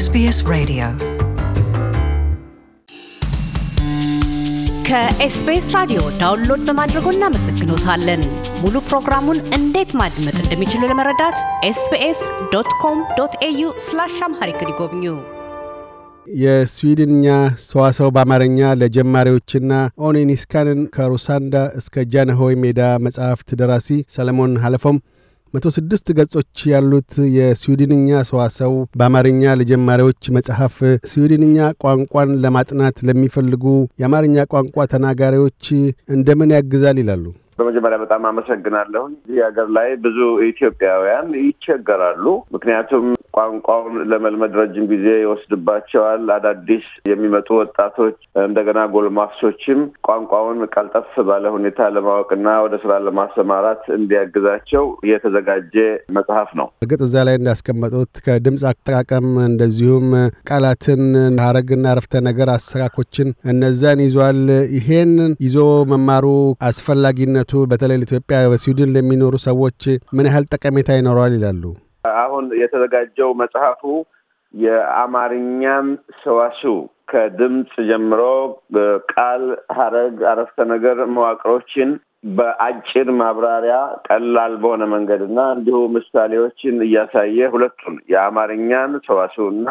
SBS Radio ከኤስቢኤስ ራዲዮ ዳውንሎድ በማድረጎ እናመሰግኖታለን። ሙሉ ፕሮግራሙን እንዴት ማድመጥ እንደሚችሉ ለመረዳት ኤስቢኤስ ዶት ኮም ዶት ኤዩ ስላሽ አምሃሪክ ይጎብኙ። የስዊድንኛ ሰዋሰው በአማርኛ ለጀማሪዎችና ኦኔኒስካንን ከሩሳንዳ እስከ ጃንሆይ ሜዳ መጽሐፍት ደራሲ ሰለሞን ሀለፎም መቶ ስድስት ገጾች ያሉት የስዊድንኛ ሰዋሰው በአማርኛ ለጀማሪዎች መጽሐፍ ስዊድንኛ ቋንቋን ለማጥናት ለሚፈልጉ የአማርኛ ቋንቋ ተናጋሪዎች እንደምን ያግዛል ይላሉ? በመጀመሪያ በጣም አመሰግናለሁ። እዚህ ሀገር ላይ ብዙ ኢትዮጵያውያን ይቸገራሉ። ምክንያቱም ቋንቋውን ለመልመድ ረጅም ጊዜ ይወስድባቸዋል። አዳዲስ የሚመጡ ወጣቶች እንደገና ጎልማሶችም ቋንቋውን ቀልጠፍ ባለ ሁኔታ ለማወቅና ወደ ስራ ለማሰማራት እንዲያግዛቸው የተዘጋጀ መጽሐፍ ነው። እርግጥ እዛ ላይ እንዳስቀመጡት ከድምፅ አጠቃቀም እንደዚሁም ቃላትን፣ ሀረግና ረፍተ ነገር አሰራኮችን እነዛን ይዟል። ይሄን ይዞ መማሩ አስፈላጊነቱ በተለይ ለኢትዮጵያ በስዊድን ለሚኖሩ ሰዎች ምን ያህል ጠቀሜታ ይኖረዋል ይላሉ? አሁን የተዘጋጀው መጽሐፉ የአማርኛም ሰዋሱ ከድምፅ ጀምሮ ቃል፣ ሀረግ አረፍተ ነገር መዋቅሮችን በአጭር ማብራሪያ ቀላል በሆነ መንገድ እና እንዲሁ ምሳሌዎችን እያሳየ ሁለቱን የአማርኛን ሰዋሱ እና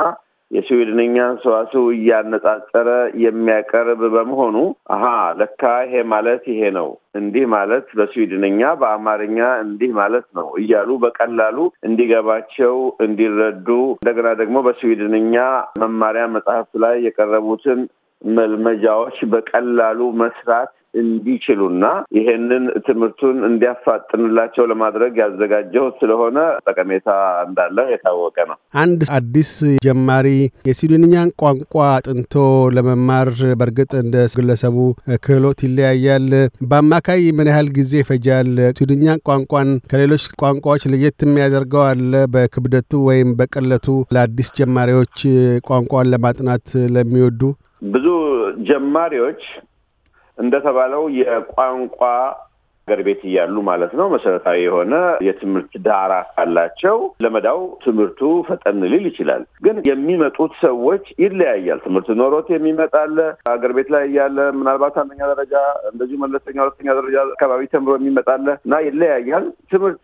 የስዊድንኛ ሰዋስው እያነጻጸረ የሚያቀርብ በመሆኑ አሀ ለካ ይሄ ማለት ይሄ ነው፣ እንዲህ ማለት በስዊድንኛ በአማርኛ እንዲህ ማለት ነው እያሉ በቀላሉ እንዲገባቸው እንዲረዱ፣ እንደገና ደግሞ በስዊድንኛ መማሪያ መጽሐፍት ላይ የቀረቡትን መልመጃዎች በቀላሉ መስራት እንዲችሉና ይሄንን ትምህርቱን እንዲያፋጥንላቸው ለማድረግ ያዘጋጀው ስለሆነ ጠቀሜታ እንዳለው የታወቀ ነው። አንድ አዲስ ጀማሪ የስዊድንኛን ቋንቋ አጥንቶ ለመማር በእርግጥ እንደ ግለሰቡ ክህሎት ይለያያል። በአማካይ ምን ያህል ጊዜ ይፈጃል? ስዊድንኛን ቋንቋን ከሌሎች ቋንቋዎች ለየት የሚያደርገው አለ በክብደቱ ወይም በቅለቱ ለአዲስ ጀማሪዎች ቋንቋን ለማጥናት ለሚወዱ ብዙ ጀማሪዎች እንደተባለው የቋንቋ ሀገር ቤት እያሉ ማለት ነው መሰረታዊ የሆነ የትምህርት ዳራ ካላቸው ለመዳው ትምህርቱ ፈጠን ሊል ይችላል። ግን የሚመጡት ሰዎች ይለያያል። ትምህርት ኖሮት የሚመጣለ ሀገር ቤት ላይ እያለ ምናልባት አንደኛ ደረጃ እንደዚሁ መለስተኛ፣ ሁለተኛ ደረጃ አካባቢ ተምሮ የሚመጣለ እና ይለያያል። ትምህርት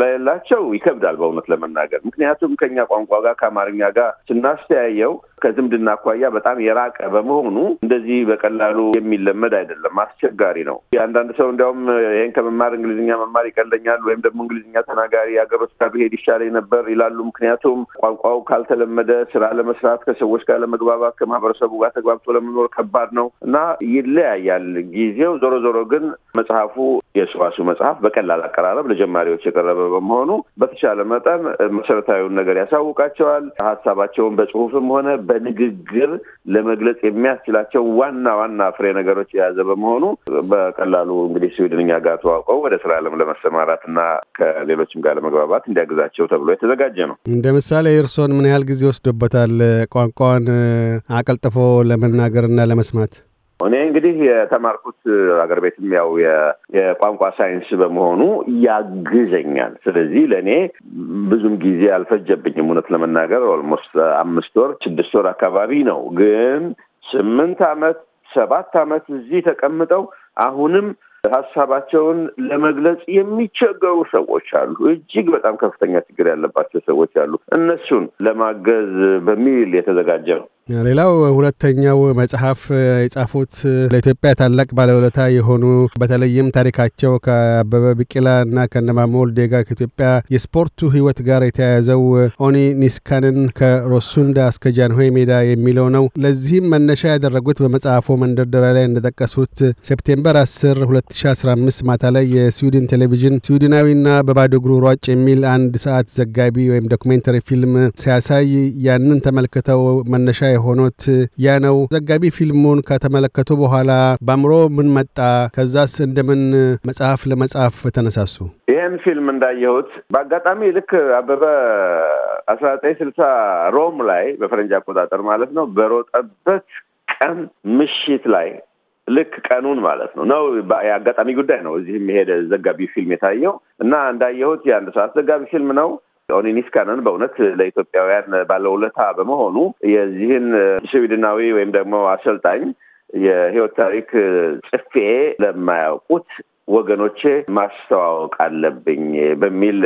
ለሌላቸው ይከብዳል በእውነት ለመናገር ምክንያቱም ከኛ ቋንቋ ጋር ከአማርኛ ጋር ስናስተያየው ከዝምድና አኳያ በጣም የራቀ በመሆኑ እንደዚህ በቀላሉ የሚለመድ አይደለም፣ አስቸጋሪ ነው። አንዳንድ ሰው እንዲያውም ይህን ከመማር እንግሊዝኛ መማር ይቀለኛል ወይም ደግሞ እንግሊዝኛ ተናጋሪ ሀገር ውስጥ ብሄድ ይሻለኝ ነበር ይላሉ። ምክንያቱም ቋንቋው ካልተለመደ ስራ ለመስራት፣ ከሰዎች ጋር ለመግባባት፣ ከማህበረሰቡ ጋር ተግባብቶ ለመኖር ከባድ ነው እና ይለያያል ጊዜው። ዞሮ ዞሮ ግን መጽሐፉ የሱራሱ መጽሐፍ በቀላል አቀራረብ ለጀማሪዎች የቀረበ በመሆኑ በተቻለ መጠን መሰረታዊውን ነገር ያሳውቃቸዋል። ሀሳባቸውን በጽሁፍም ሆነ በንግግር ለመግለጽ የሚያስችላቸው ዋና ዋና ፍሬ ነገሮች የያዘ በመሆኑ በቀላሉ እንግዲህ ስዊድንኛ ጋር ተዋውቀው ወደ ስራ ዓለም ለመሰማራት እና ከሌሎችም ጋር ለመግባባት እንዲያግዛቸው ተብሎ የተዘጋጀ ነው። እንደ ምሳሌ እርሶን ምን ያህል ጊዜ ወስዶበታል ቋንቋን አቀልጥፎ ለመናገርና ለመስማት? እኔ እንግዲህ የተማርኩት አገር ቤትም ያው የቋንቋ ሳይንስ በመሆኑ ያግዘኛል። ስለዚህ ለእኔ ብዙም ጊዜ አልፈጀብኝም። እውነት ለመናገር ኦልሞስት አምስት ወር ስድስት ወር አካባቢ ነው። ግን ስምንት ዓመት ሰባት ዓመት እዚህ ተቀምጠው አሁንም ሀሳባቸውን ለመግለጽ የሚቸገሩ ሰዎች አሉ። እጅግ በጣም ከፍተኛ ችግር ያለባቸው ሰዎች አሉ። እነሱን ለማገዝ በሚል የተዘጋጀ ነው። ሌላው ሁለተኛው መጽሐፍ የጻፉት ለኢትዮጵያ ታላቅ ባለውለታ የሆኑ በተለይም ታሪካቸው ከአበበ ቢቂላ እና ከነማሞ ወልዴ ጋር ከኢትዮጵያ የስፖርቱ ሕይወት ጋር የተያያዘው ኦኒ ኒስካንን ከሮሱንዳ እስከ ጃንሆይ ሜዳ የሚለው ነው። ለዚህም መነሻ ያደረጉት በመጽሐፉ መንደርደሪያ ላይ እንደጠቀሱት ሴፕቴምበር 10 2015 ማታ ላይ የስዊድን ቴሌቪዥን ስዊድናዊና በባዶ እግሩ ሯጭ የሚል አንድ ሰዓት ዘጋቢ ወይም ዶክሜንተሪ ፊልም ሲያሳይ ያንን ተመልክተው መነሻ የሆኑት ያ ነው። ዘጋቢ ፊልሙን ከተመለከቱ በኋላ በአእምሮ ምን መጣ? ከዛስ እንደምን መጽሐፍ ለመጻፍ ተነሳሱ? ይህን ፊልም እንዳየሁት በአጋጣሚ ልክ አበበ አስራ ዘጠኝ ስልሳ ሮም ላይ በፈረንጅ አቆጣጠር ማለት ነው በሮጠበት ቀን ምሽት ላይ ልክ ቀኑን ማለት ነው ነው የአጋጣሚ ጉዳይ ነው። እዚህም የሄደ ዘጋቢ ፊልም የታየው እና እንዳየሁት የአንድ ሰዓት ዘጋቢ ፊልም ነው። ካነን በእውነት ለኢትዮጵያውያን ባለውለታ በመሆኑ የዚህን ስዊድናዊ ወይም ደግሞ አሰልጣኝ የህይወት ታሪክ ጽፌ ለማያውቁት ወገኖቼ ማስተዋወቅ አለብኝ በሚል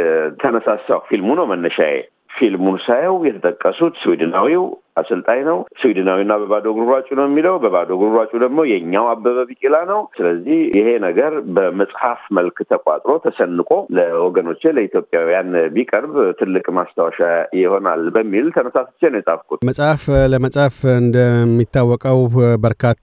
ተነሳሳው። ፊልሙ ነው መነሻዬ። ፊልሙን ሳየው የተጠቀሱት ስዊድናዊው አሰልጣኝ ነው። ስዊድናዊና በባዶ እግሩ ሯጩ ነው የሚለው በባዶ እግሩ ሯጩ ደግሞ የእኛው አበበ ቢቂላ ነው። ስለዚህ ይሄ ነገር በመጽሐፍ መልክ ተቋጥሮ ተሰንቆ ለወገኖቼ ለኢትዮጵያውያን ቢቀርብ ትልቅ ማስታወሻ ይሆናል በሚል ተነሳስቼ ነው የጻፍኩት። መጽሐፍ ለመጽሐፍ እንደሚታወቀው በርካታ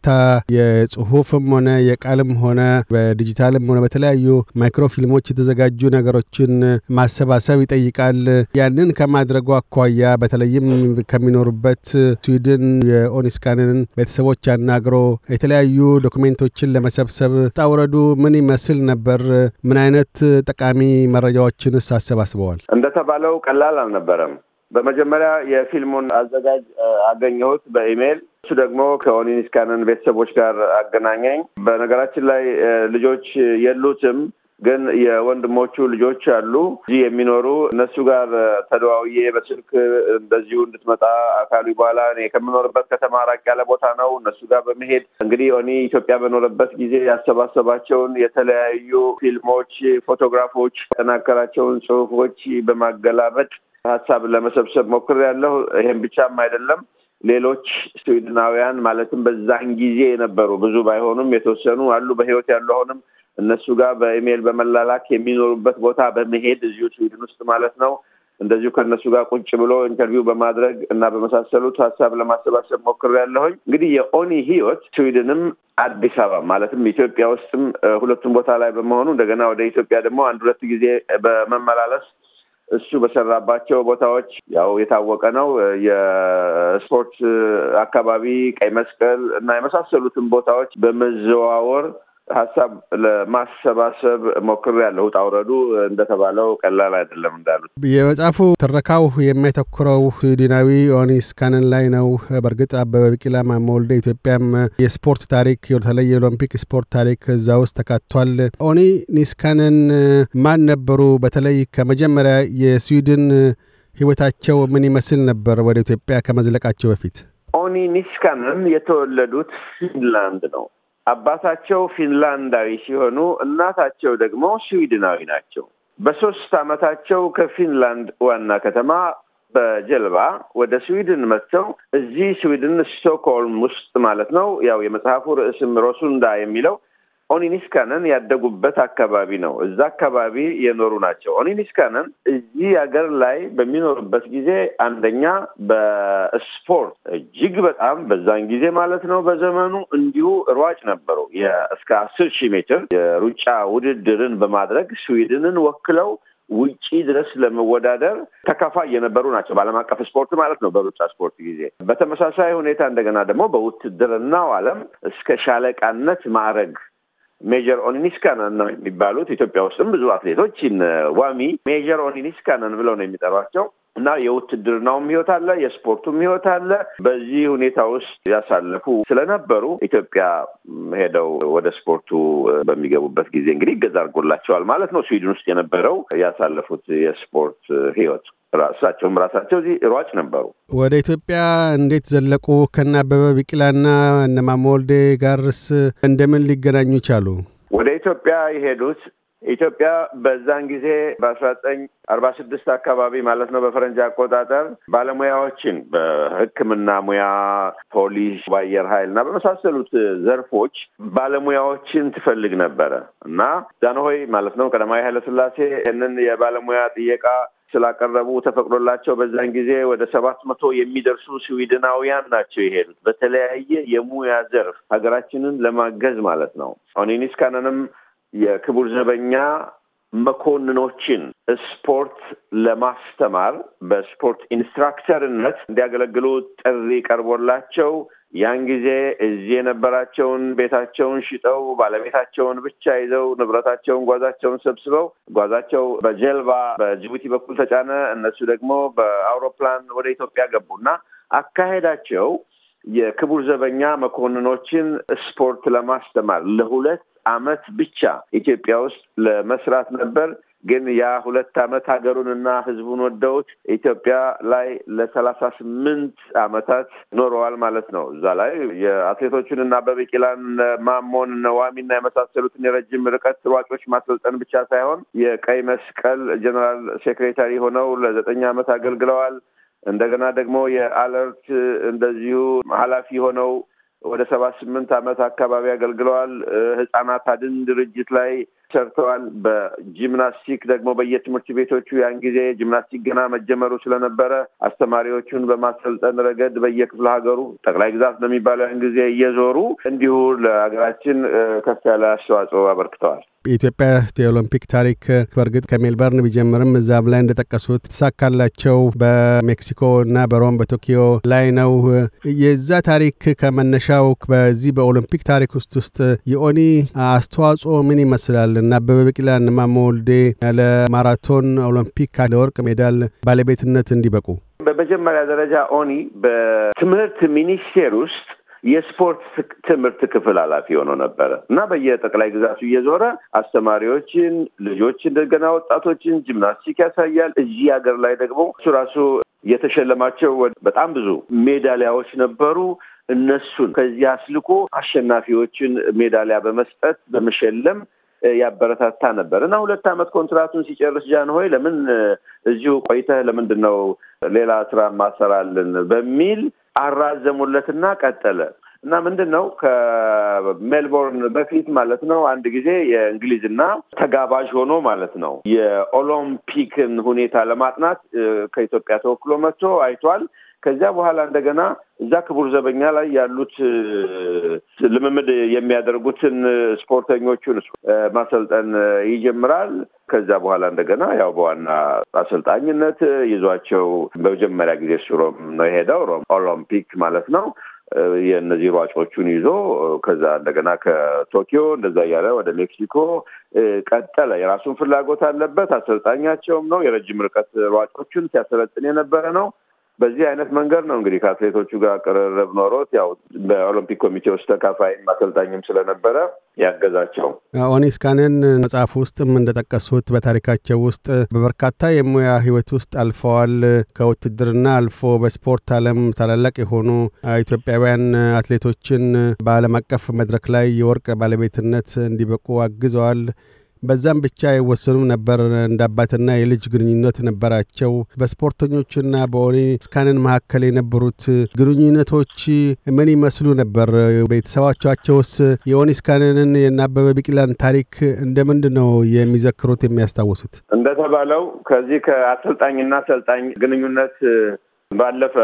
የጽሁፍም ሆነ የቃልም ሆነ በዲጂታልም ሆነ በተለያዩ ማይክሮፊልሞች የተዘጋጁ ነገሮችን ማሰባሰብ ይጠይቃል። ያንን ከማድረጉ አኳያ በተለይም ከሚኖሩበት በሂደት ስዊድን የኦኒስካንን ቤተሰቦች አናግሮ የተለያዩ ዶክሜንቶችን ለመሰብሰብ ጣውረዱ ምን ይመስል ነበር? ምን አይነት ጠቃሚ መረጃዎችንስ አሰባስበዋል? እንደተባለው ቀላል አልነበረም። በመጀመሪያ የፊልሙን አዘጋጅ አገኘሁት በኢሜይል እሱ ደግሞ ከኦኒኒስካንን ቤተሰቦች ጋር አገናኘኝ። በነገራችን ላይ ልጆች የሉትም ግን የወንድሞቹ ልጆች አሉ እዚህ የሚኖሩ እነሱ ጋር ተደዋውዬ በስልክ እንደዚሁ እንድትመጣ አካሉ በኋላ እኔ ከምኖርበት ከተማ ራቅ ያለ ቦታ ነው። እነሱ ጋር በመሄድ እንግዲህ እኔ ኢትዮጵያ በኖረበት ጊዜ ያሰባሰባቸውን የተለያዩ ፊልሞች፣ ፎቶግራፎች፣ ያጠናከራቸውን ጽሁፎች በማገላበጥ ሀሳብ ለመሰብሰብ ሞክሬያለሁ። ይሄን ብቻም አይደለም። ሌሎች ስዊድናውያን ማለትም በዛን ጊዜ የነበሩ ብዙ ባይሆኑም የተወሰኑ አሉ በህይወት ያሉ አሁንም እነሱ ጋር በኢሜይል በመላላክ የሚኖሩበት ቦታ በመሄድ እዚሁ ስዊድን ውስጥ ማለት ነው እንደዚሁ ከእነሱ ጋር ቁጭ ብሎ ኢንተርቪው በማድረግ እና በመሳሰሉት ሀሳብ ለማሰባሰብ ያለሁኝ እንግዲህ የኦኒ ህይወት ስዊድንም አዲስ አበባ ማለትም ኢትዮጵያ ውስጥም ሁለቱም ቦታ ላይ በመሆኑ እንደገና ወደ ኢትዮጵያ ደግሞ አንድ ሁለት ጊዜ በመመላለስ እሱ በሰራባቸው ቦታዎች ያው የታወቀ ነው። የስፖርት አካባቢ፣ ቀይ መስቀል እና የመሳሰሉትን ቦታዎች በመዘዋወር ሀሳብ ለማሰባሰብ ሞክር ያለሁ ጣውረዱ እንደተባለው ቀላል አይደለም እንዳሉት የመጽሐፉ ትረካው የሚያተኩረው ስዊድናዊ ዮኒ ካንን ላይ ነው። በእርግጥ አበበ ቢቂላ፣ ማሞ ወልደ ኢትዮጵያም የስፖርት ታሪክ የተለየ የኦሎምፒክ ስፖርት ታሪክ እዛ ውስጥ ተካቷል። ኦኒ ኒስካንን ማን ነበሩ? በተለይ ከመጀመሪያ የስዊድን ህይወታቸው ምን ይመስል ነበር? ወደ ኢትዮጵያ ከመዝለቃቸው በፊት ኦኒ ኒስካንን የተወለዱት ፊንላንድ ነው። አባታቸው ፊንላንዳዊ ሲሆኑ እናታቸው ደግሞ ስዊድናዊ ናቸው። በሶስት ዓመታቸው ከፊንላንድ ዋና ከተማ በጀልባ ወደ ስዊድን መጥተው እዚህ ስዊድን ስቶክሆልም ውስጥ ማለት ነው። ያው የመጽሐፉ ርዕስም ሮሱንዳ የሚለው ኦኒኒስካነን ያደጉበት አካባቢ ነው። እዛ አካባቢ የኖሩ ናቸው። ኦኒኒስካነን እዚህ ሀገር ላይ በሚኖሩበት ጊዜ አንደኛ በስፖርት እጅግ በጣም በዛን ጊዜ ማለት ነው በዘመኑ እንዲሁ ሯጭ ነበሩ። እስከ አስር ሺህ ሜትር የሩጫ ውድድርን በማድረግ ስዊድንን ወክለው ውጪ ድረስ ለመወዳደር ተካፋይ የነበሩ ናቸው። በዓለም አቀፍ ስፖርት ማለት ነው፣ በሩጫ ስፖርት ጊዜ። በተመሳሳይ ሁኔታ እንደገና ደግሞ በውትድርናው ዓለም እስከ ሻለቃነት ማዕረግ ሜጀር ኦኒኒስካነን ነው የሚባሉት። ኢትዮጵያ ውስጥም ብዙ አትሌቶች ዋሚ ሜጀር ኦኒኒስካነን ብለው ነው የሚጠሯቸው እና የውትድርናውም ህይወት አለ፣ የስፖርቱም ህይወት አለ። በዚህ ሁኔታ ውስጥ ያሳለፉ ስለነበሩ ኢትዮጵያ ሄደው ወደ ስፖርቱ በሚገቡበት ጊዜ እንግዲህ ይገዛ አድርጎላቸዋል ማለት ነው። ስዊድን ውስጥ የነበረው ያሳለፉት የስፖርት ህይወት ራሳቸውም ራሳቸው እዚህ ሯጭ ነበሩ። ወደ ኢትዮጵያ እንዴት ዘለቁ? ከነ አበበ ቢቂላና እነ ጋርስ እንደምን ሊገናኙ ይቻሉ? ወደ ኢትዮጵያ የሄዱት ኢትዮጵያ በዛን ጊዜ በአስራ ዘጠኝ አርባ ስድስት አካባቢ ማለት ነው በፈረንጅ አቆጣጠር ባለሙያዎችን በሕክምና ሙያ፣ ፖሊስ፣ በአየር ኃይል እና በመሳሰሉት ዘርፎች ባለሙያዎችን ትፈልግ ነበረ እና ዛንሆይ ማለት ነው ቀዳማዊ ኃይለስላሴ ይህንን የባለሙያ ጥየቃ ስላቀረቡ ተፈቅዶላቸው በዛን ጊዜ ወደ ሰባት መቶ የሚደርሱ ስዊድናውያን ናቸው የሄዱት በተለያየ የሙያ ዘርፍ ሀገራችንን ለማገዝ ማለት ነው። አሁን የክቡር ዘበኛ መኮንኖችን ስፖርት ለማስተማር በስፖርት ኢንስትራክተርነት እንዲያገለግሉ ጥሪ ቀርቦላቸው ያን ጊዜ እዚህ የነበራቸውን ቤታቸውን ሽጠው ባለቤታቸውን ብቻ ይዘው ንብረታቸውን ጓዛቸውን ሰብስበው ጓዛቸው በጀልባ በጅቡቲ በኩል ተጫነ። እነሱ ደግሞ በአውሮፕላን ወደ ኢትዮጵያ ገቡ እና አካሄዳቸው የክቡር ዘበኛ መኮንኖችን ስፖርት ለማስተማር ለሁለት ዓመት ብቻ ኢትዮጵያ ውስጥ ለመስራት ነበር። ግን ያ ሁለት አመት ሀገሩንና ህዝቡን ወደውት ኢትዮጵያ ላይ ለሰላሳ ስምንት አመታት ኖረዋል ማለት ነው። እዛ ላይ የአትሌቶቹን እና አበበ ቢቂላን ማሞን፣ ዋሚና የመሳሰሉትን የረጅም ርቀት ሯጮች ማሰልጠን ብቻ ሳይሆን የቀይ መስቀል ጀኔራል ሴክሬታሪ ሆነው ለዘጠኝ ዓመት አገልግለዋል። እንደገና ደግሞ የአለርት እንደዚሁ ኃላፊ ሆነው ወደ ሰባ ስምንት ዓመት አካባቢ አገልግለዋል። ህጻናት አድን ድርጅት ላይ ሰርተዋል። በጂምናስቲክ ደግሞ በየትምህርት ቤቶቹ ያን ጊዜ ጂምናስቲክ ገና መጀመሩ ስለነበረ አስተማሪዎቹን በማሰልጠን ረገድ በየክፍለ ሀገሩ ጠቅላይ ግዛት በሚባለው ያን ጊዜ እየዞሩ እንዲሁ ለሀገራችን ከፍ ያለ አስተዋጽኦ አበርክተዋል። የኢትዮጵያ የኦሎምፒክ ታሪክ በእርግጥ ከሜልበርን ቢጀምርም እዛ ላይ እንደጠቀሱት ትሳካላቸው በሜክሲኮ እና በሮም በቶኪዮ ላይ ነው። የዛ ታሪክ ከመነሻው በዚህ በኦሎምፒክ ታሪክ ውስጥ ውስጥ የኦኒ አስተዋጽኦ ምን ይመስላል? እና አበበ ቢቂላ ማሞ ወልዴ ለማራቶን ኦሎምፒክ ለወርቅ ሜዳል ባለቤትነት እንዲበቁ በመጀመሪያ ደረጃ ኦኒ በትምህርት ሚኒስቴር ውስጥ የስፖርት ትምህርት ክፍል ኃላፊ ሆኖ ነበረ እና በየጠቅላይ ግዛቱ እየዞረ አስተማሪዎችን፣ ልጆች እንደገና ወጣቶችን ጂምናስቲክ ያሳያል። እዚህ ሀገር ላይ ደግሞ እሱ ራሱ የተሸለማቸው በጣም ብዙ ሜዳሊያዎች ነበሩ። እነሱን ከዚህ አስልኮ አሸናፊዎችን ሜዳሊያ በመስጠት በመሸለም ያበረታታ ነበር እና ሁለት ዓመት ኮንትራቱን ሲጨርስ ጃን ሆይ ለምን እዚሁ ቆይተህ ለምንድን ነው ሌላ ስራ ማሰራልን በሚል አራዘሙለትና ቀጠለ እና ምንድን ነው ከሜልቦርን በፊት ማለት ነው አንድ ጊዜ የእንግሊዝና ተጋባዥ ሆኖ ማለት ነው የኦሎምፒክን ሁኔታ ለማጥናት ከኢትዮጵያ ተወክሎ መጥቶ አይቷል። ከዚያ በኋላ እንደገና እዛ ክቡር ዘበኛ ላይ ያሉት ልምምድ የሚያደርጉትን ስፖርተኞቹን ማሰልጠን ይጀምራል። ከዛ በኋላ እንደገና ያው በዋና አሰልጣኝነት ይዟቸው በመጀመሪያ ጊዜ እሱ ሮም ነው የሄደው፣ ሮም ኦሎምፒክ ማለት ነው። የእነዚህ ሯጮቹን ይዞ ከዛ እንደገና ከቶኪዮ እንደዛ እያለ ወደ ሜክሲኮ ቀጠለ። የራሱን ፍላጎት አለበት። አሰልጣኛቸውም ነው። የረጅም ርቀት ሯጮቹን ሲያሰለጥን የነበረ ነው። በዚህ አይነት መንገድ ነው እንግዲህ ከአትሌቶቹ ጋር ቅርርብ ኖሮት ያው በኦሎምፒክ ኮሚቴ ውስጥ ተካፋይም አሰልጣኝም ስለነበረ ያገዛቸው። ኦኒስ ካንን መጽሐፍ ውስጥም እንደጠቀሱት በታሪካቸው ውስጥ በበርካታ የሙያ ህይወት ውስጥ አልፈዋል። ከውትድርና አልፎ በስፖርት ዓለም ታላላቅ የሆኑ ኢትዮጵያውያን አትሌቶችን በዓለም አቀፍ መድረክ ላይ የወርቅ ባለቤትነት እንዲበቁ አግዘዋል። በዛም ብቻ አይወሰኑም ነበር። እንደ አባትና የልጅ ግንኙነት ነበራቸው። በስፖርተኞችና በኦኔ ስካንን መካከል የነበሩት ግንኙነቶች ምን ይመስሉ ነበር? ቤተሰባቸውስ የኦኔ ስካንንን የናበበ ቢቂላን ታሪክ እንደምንድ ነው የሚዘክሩት የሚያስታውሱት? እንደተባለው ከዚህ ከአሰልጣኝና አሰልጣኝ ግንኙነት ባለፈ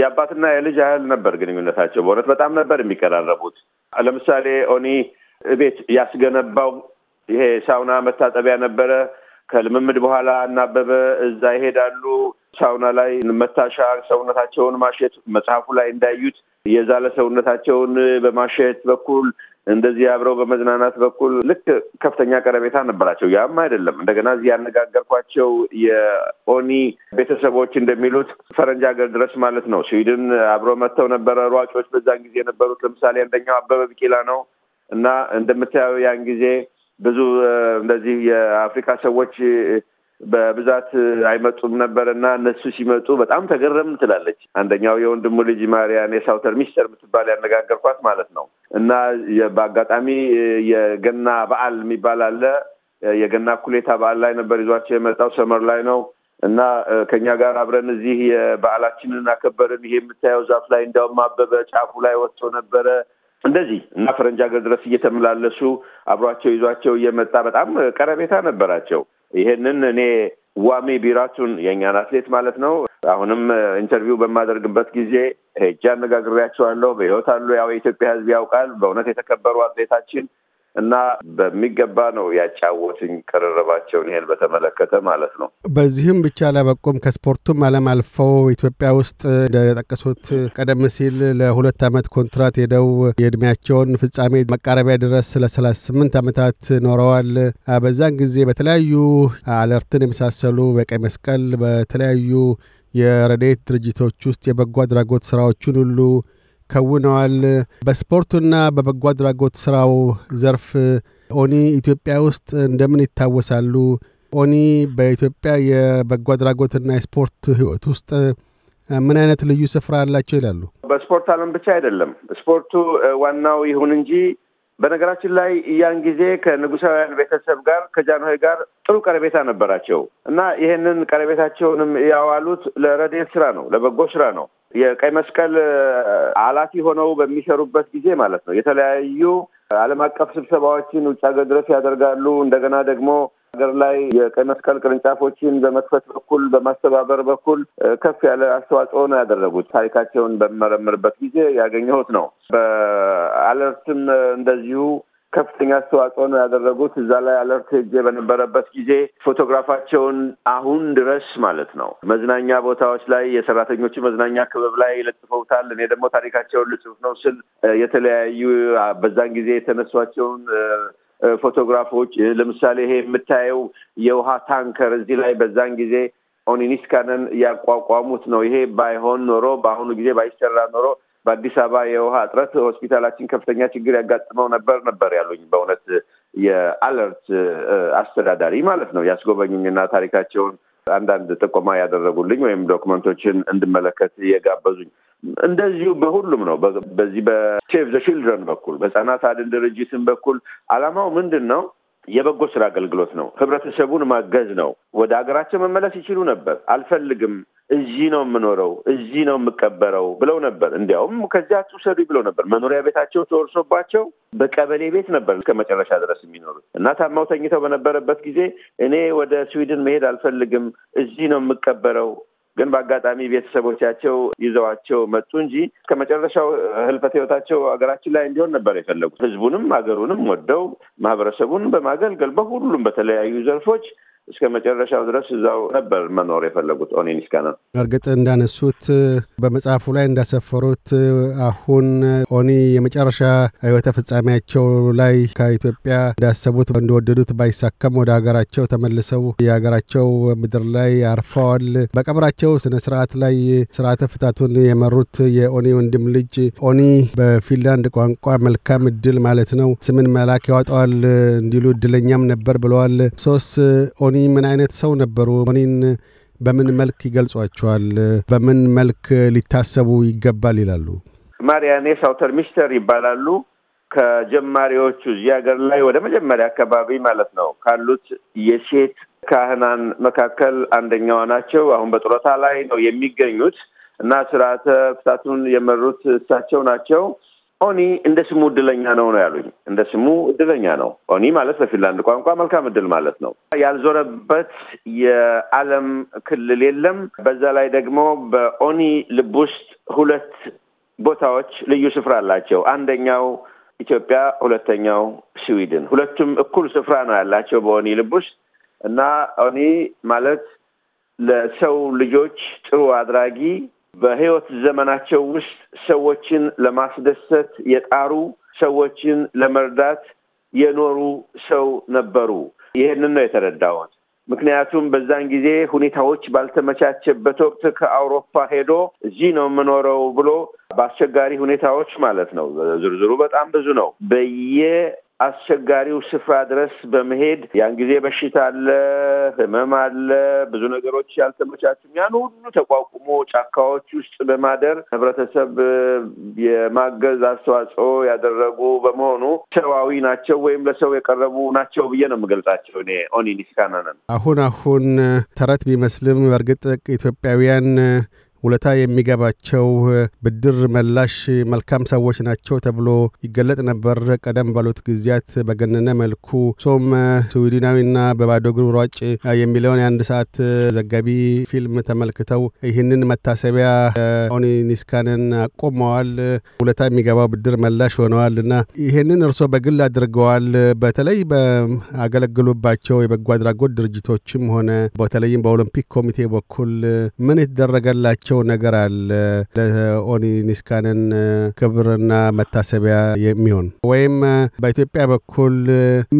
የአባትና የልጅ ያህል ነበር ግንኙነታቸው። በእውነት በጣም ነበር የሚቀራረቡት። ለምሳሌ ኦኒ ቤት ያስገነባው ይሄ ሳውና መታጠቢያ ነበረ። ከልምምድ በኋላ እናበበ እዛ ይሄዳሉ። ሳውና ላይ መታሻ ሰውነታቸውን ማሸት መጽሐፉ ላይ እንዳዩት የዛለ ሰውነታቸውን በማሸት በኩል እንደዚህ አብረው በመዝናናት በኩል ልክ ከፍተኛ ቀረቤታ ነበራቸው። ያም አይደለም እንደገና እዚህ ያነጋገርኳቸው የኦኒ ቤተሰቦች እንደሚሉት ፈረንጅ ሀገር ድረስ ማለት ነው ስዊድን አብሮ መጥተው ነበረ። ሯጮች በዛን ጊዜ የነበሩት ለምሳሌ አንደኛው አበበ ቢቂላ ነው እና እንደምታየው ያን ጊዜ ብዙ እንደዚህ የአፍሪካ ሰዎች በብዛት አይመጡም ነበር እና እነሱ ሲመጡ በጣም ተገረም ትላለች። አንደኛው የወንድሙ ልጅ ማርያን የሳውተር ሚስተር የምትባል ያነጋገርኳት ማለት ነው። እና በአጋጣሚ የገና በዓል የሚባል አለ። የገና እኩሌታ በዓል ላይ ነበር ይዟቸው የመጣው ሰመር ላይ ነው እና ከኛ ጋር አብረን እዚህ የበዓላችንን አከበርን። ይሄ የምታየው ዛፍ ላይ እንዲያውም አበበ ጫፉ ላይ ወጥቶ ነበረ እንደዚህ እና ፈረንጅ ሀገር ድረስ እየተመላለሱ አብሯቸው ይዟቸው እየመጣ በጣም ቀረቤታ ነበራቸው። ይሄንን እኔ ዋሚ ቢራቱን የእኛን አትሌት ማለት ነው። አሁንም ኢንተርቪው በማደርግበት ጊዜ ሄጄ አነጋግሬያቸዋለሁ። በሕይወት አሉ። ያው የኢትዮጵያ ሕዝብ ያውቃል። በእውነት የተከበሩ አትሌታችን እና በሚገባ ነው ያጫወትኝ ቅርርባቸውን ይሄን በተመለከተ ማለት ነው። በዚህም ብቻ አላበቁም። ከስፖርቱም ዓለም አልፈው ኢትዮጵያ ውስጥ እንደጠቀሱት ቀደም ሲል ለሁለት ዓመት ኮንትራት ሄደው የእድሜያቸውን ፍጻሜ መቃረቢያ ድረስ ለሰላሳ ስምንት ዓመታት ኖረዋል። በዛን ጊዜ በተለያዩ አለርትን የመሳሰሉ በቀይ መስቀል በተለያዩ የረዴት ድርጅቶች ውስጥ የበጎ አድራጎት ስራዎችን ሁሉ ከውነዋል። በስፖርቱና በበጎ አድራጎት ስራው ዘርፍ ኦኒ ኢትዮጵያ ውስጥ እንደምን ይታወሳሉ? ኦኒ በኢትዮጵያ የበጎ አድራጎትና የስፖርት ህይወት ውስጥ ምን አይነት ልዩ ስፍራ አላቸው ይላሉ? በስፖርት አለም ብቻ አይደለም ስፖርቱ ዋናው ይሁን እንጂ በነገራችን ላይ ያን ጊዜ ከንጉሳውያን ቤተሰብ ጋር ከጃንሆይ ጋር ጥሩ ቀረቤታ ነበራቸው እና ይህንን ቀረቤታቸውንም ያዋሉት ለረዴት ስራ ነው፣ ለበጎ ስራ ነው። የቀይ መስቀል አላፊ ሆነው በሚሰሩበት ጊዜ ማለት ነው የተለያዩ ዓለም አቀፍ ስብሰባዎችን ውጭ ሀገር ድረስ ያደርጋሉ። እንደገና ደግሞ ሀገር ላይ የቀይ መስቀል ቅርንጫፎችን በመክፈት በኩል በማስተባበር በኩል ከፍ ያለ አስተዋጽኦ ነው ያደረጉት። ታሪካቸውን በመረምርበት ጊዜ ያገኘሁት ነው። በአለርትም እንደዚሁ ከፍተኛ አስተዋጽኦ ነው ያደረጉት። እዛ ላይ አለርት ሄጄ በነበረበት ጊዜ ፎቶግራፋቸውን አሁን ድረስ ማለት ነው መዝናኛ ቦታዎች ላይ የሰራተኞቹ መዝናኛ ክበብ ላይ ለጥፈውታል። እኔ ደግሞ ታሪካቸውን ልጽፍ ነው ስል የተለያዩ በዛን ጊዜ የተነሷቸውን ፎቶግራፎች ለምሳሌ ይሄ የምታየው የውሃ ታንከር እዚህ ላይ በዛን ጊዜ ኦኒኒስካንን ያቋቋሙት ነው። ይሄ ባይሆን ኖሮ በአሁኑ ጊዜ ባይሰራ ኖሮ በአዲስ አበባ የውሃ እጥረት ሆስፒታላችን ከፍተኛ ችግር ያጋጥመው ነበር ነበር ያሉኝ። በእውነት የአለርት አስተዳዳሪ ማለት ነው ያስጎበኙኝና ታሪካቸውን አንዳንድ ጥቆማ ያደረጉልኝ ወይም ዶክመንቶችን እንድመለከት የጋበዙኝ። እንደዚሁ በሁሉም ነው። በዚህ በሴቭ ዘ ችልድረን በኩል በህጻናት አድን ድርጅትን በኩል አላማው ምንድን ነው? የበጎ ስራ አገልግሎት ነው። ህብረተሰቡን ማገዝ ነው። ወደ ሀገራቸው መመለስ ይችሉ ነበር። አልፈልግም፣ እዚህ ነው የምኖረው፣ እዚህ ነው የምቀበረው ብለው ነበር። እንዲያውም ከዚያ ውሰዱ ብለው ነበር። መኖሪያ ቤታቸው ተወርሶባቸው በቀበሌ ቤት ነበር እስከ መጨረሻ ድረስ የሚኖሩት እና ታማው ተኝተው በነበረበት ጊዜ እኔ ወደ ስዊድን መሄድ አልፈልግም፣ እዚህ ነው የምቀበረው ግን በአጋጣሚ ቤተሰቦቻቸው ይዘዋቸው መጡ እንጂ እስከ መጨረሻው ህልፈት ህይወታቸው ሀገራችን ላይ እንዲሆን ነበር የፈለጉት። ህዝቡንም ሀገሩንም ወደው ማህበረሰቡን በማገልገል በሁሉም በተለያዩ ዘርፎች እስከ መጨረሻው ድረስ እዛው ነበር መኖር የፈለጉት ኦኔ ኒስካና። እርግጥ እንዳነሱት በመጽሐፉ ላይ እንዳሰፈሩት አሁን ኦኒ የመጨረሻ ህይወተ ፍጻሜያቸው ላይ ከኢትዮጵያ እንዳሰቡት እንደወደዱት ባይሳካም ወደ ሀገራቸው ተመልሰው የሀገራቸው ምድር ላይ አርፈዋል። በቀብራቸው ስነ ስርዓት ላይ ስርዓተ ፍታቱን የመሩት የኦኒ ወንድም ልጅ ኦኒ በፊንላንድ ቋንቋ መልካም እድል ማለት ነው፣ ስምን መላክ ያወጣዋል እንዲሉ እድለኛም ነበር ብለዋል። ሶስት ኦኒ ሞኒ ምን አይነት ሰው ነበሩ? ሞኒን በምን መልክ ይገልጿቸዋል? በምን መልክ ሊታሰቡ ይገባል ይላሉ? ማሪያኔ ሳውተር ሚስተር ይባላሉ። ከጀማሪዎቹ እዚህ ሀገር ላይ ወደ መጀመሪያ አካባቢ ማለት ነው ካሉት የሴት ካህናን መካከል አንደኛዋ ናቸው። አሁን በጡረታ ላይ ነው የሚገኙት እና ስርዓተ ፍታቱን የመሩት እሳቸው ናቸው። ኦኒ እንደ ስሙ እድለኛ ነው ነው ያሉኝ። እንደ ስሙ እድለኛ ነው። ኦኒ ማለት በፊንላንድ ቋንቋ መልካም እድል ማለት ነው። ያልዞረበት የዓለም ክልል የለም። በዛ ላይ ደግሞ በኦኒ ልብ ውስጥ ሁለት ቦታዎች ልዩ ስፍራ አላቸው። አንደኛው ኢትዮጵያ፣ ሁለተኛው ስዊድን። ሁለቱም እኩል ስፍራ ነው ያላቸው በኦኒ ልብ ውስጥ እና ኦኒ ማለት ለሰው ልጆች ጥሩ አድራጊ በህይወት ዘመናቸው ውስጥ ሰዎችን ለማስደሰት የጣሩ ሰዎችን ለመርዳት የኖሩ ሰው ነበሩ። ይህንን ነው የተረዳሁት። ምክንያቱም በዛን ጊዜ ሁኔታዎች ባልተመቻቸበት ወቅት ከአውሮፓ ሄዶ እዚህ ነው የምኖረው ብሎ በአስቸጋሪ ሁኔታዎች ማለት ነው። ዝርዝሩ በጣም ብዙ ነው። በየ አስቸጋሪው ስፍራ ድረስ በመሄድ ያን ጊዜ በሽታ አለ፣ ህመም አለ፣ ብዙ ነገሮች ያልተመቻችም ያን ሁሉ ተቋቁሞ ጫካዎች ውስጥ በማደር ህብረተሰብ የማገዝ አስተዋጽኦ ያደረጉ በመሆኑ ሰብአዊ ናቸው ወይም ለሰው የቀረቡ ናቸው ብዬ ነው የምገልጻቸው። እኔ ኦኒ አሁን አሁን ተረት ቢመስልም በእርግጥ ኢትዮጵያውያን ውለታ የሚገባቸው ብድር መላሽ መልካም ሰዎች ናቸው ተብሎ ይገለጥ ነበር። ቀደም ባሉት ጊዜያት በገነነ መልኩ ሶም ስዊድናዊና በባዶ እግሩ ሯጭ የሚለውን የአንድ ሰዓት ዘጋቢ ፊልም ተመልክተው ይህንን መታሰቢያ ኦኒኒስካንን ኒስካንን አቆመዋል። ውለታ የሚገባው ብድር መላሽ ሆነዋል እና ይህንን እርሶ በግል አድርገዋል። በተለይ በአገለግሉባቸው የበጎ አድራጎት ድርጅቶችም ሆነ በተለይም በኦሎምፒክ ኮሚቴ በኩል ምን የተደረገላቸው ያነሷቸው ነገር አለ ለኦኒኒስካንን ክብርና መታሰቢያ የሚሆን ወይም በኢትዮጵያ በኩል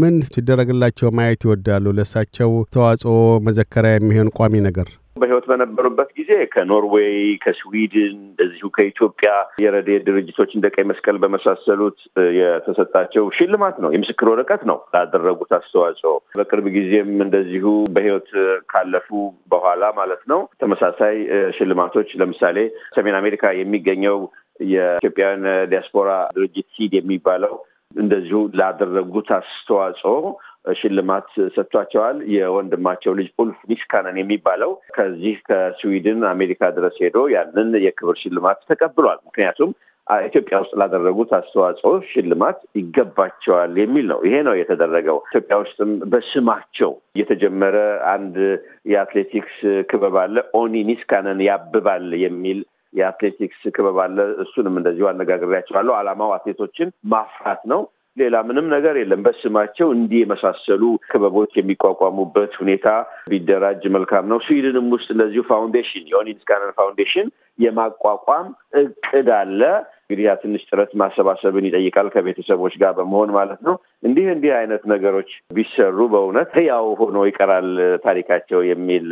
ምን ሲደረግላቸው ማየት ይወዳሉ? ለእሳቸው ተዋጽኦ መዘከሪያ የሚሆን ቋሚ ነገር በህይወት በነበሩበት ጊዜ ከኖርዌይ፣ ከስዊድን እንደዚሁ ከኢትዮጵያ የረድኤት ድርጅቶች እንደ ቀይ መስቀል በመሳሰሉት የተሰጣቸው ሽልማት ነው፣ የምስክር ወረቀት ነው ላደረጉት አስተዋጽኦ። በቅርብ ጊዜም እንደዚሁ በህይወት ካለፉ በኋላ ማለት ነው ተመሳሳይ ሽልማቶች ለምሳሌ ሰሜን አሜሪካ የሚገኘው የኢትዮጵያውያን ዲያስፖራ ድርጅት ሲድ የሚባለው እንደዚሁ ላደረጉት አስተዋጽኦ ሽልማት ሰጥቷቸዋል። የወንድማቸው ልጅ ኡልፍ ኒስካነን የሚባለው ከዚህ ከስዊድን አሜሪካ ድረስ ሄዶ ያንን የክብር ሽልማት ተቀብሏል። ምክንያቱም ኢትዮጵያ ውስጥ ላደረጉት አስተዋጽኦ ሽልማት ይገባቸዋል የሚል ነው። ይሄ ነው የተደረገው። ኢትዮጵያ ውስጥም በስማቸው የተጀመረ አንድ የአትሌቲክስ ክበብ አለ። ኦኒ ኒስካነን ያብባል የሚል የአትሌቲክስ ክበብ አለ። እሱንም እንደዚሁ አነጋግሬያቸዋለሁ። ዓላማው አትሌቶችን ማፍራት ነው። ሌላ ምንም ነገር የለም። በስማቸው እንዲህ የመሳሰሉ ክበቦች የሚቋቋሙበት ሁኔታ ቢደራጅ መልካም ነው። ስዊድንም ውስጥ እንደዚሁ ፋውንዴሽን የኦኒ ፋውንዴሽን የማቋቋም እቅድ አለ። እንግዲህ ያ ትንሽ ጥረት ማሰባሰብን ይጠይቃል ከቤተሰቦች ጋር በመሆን ማለት ነው። እንዲህ እንዲህ አይነት ነገሮች ቢሰሩ በእውነት ህያው ሆኖ ይቀራል ታሪካቸው የሚል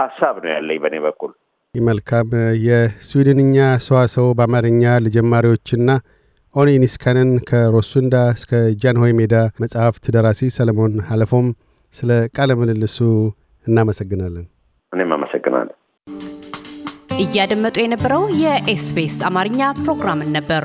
ሀሳብ ነው ያለኝ በእኔ በኩል። መልካም የስዊድንኛ ሰዋሰው በአማርኛ ለጀማሪዎችና ኦኒ ከሮሱንዳ እስከ ጃንሆይ ሜዳ መጽሐፍት ደራሲ ሰለሞን አለፎም ስለ ቃለ ምልልሱ እናመሰግናለን። እኔም አመሰግናለሁ። እያደመጡ የነበረው የኤስፔስ አማርኛ ፕሮግራምን ነበር።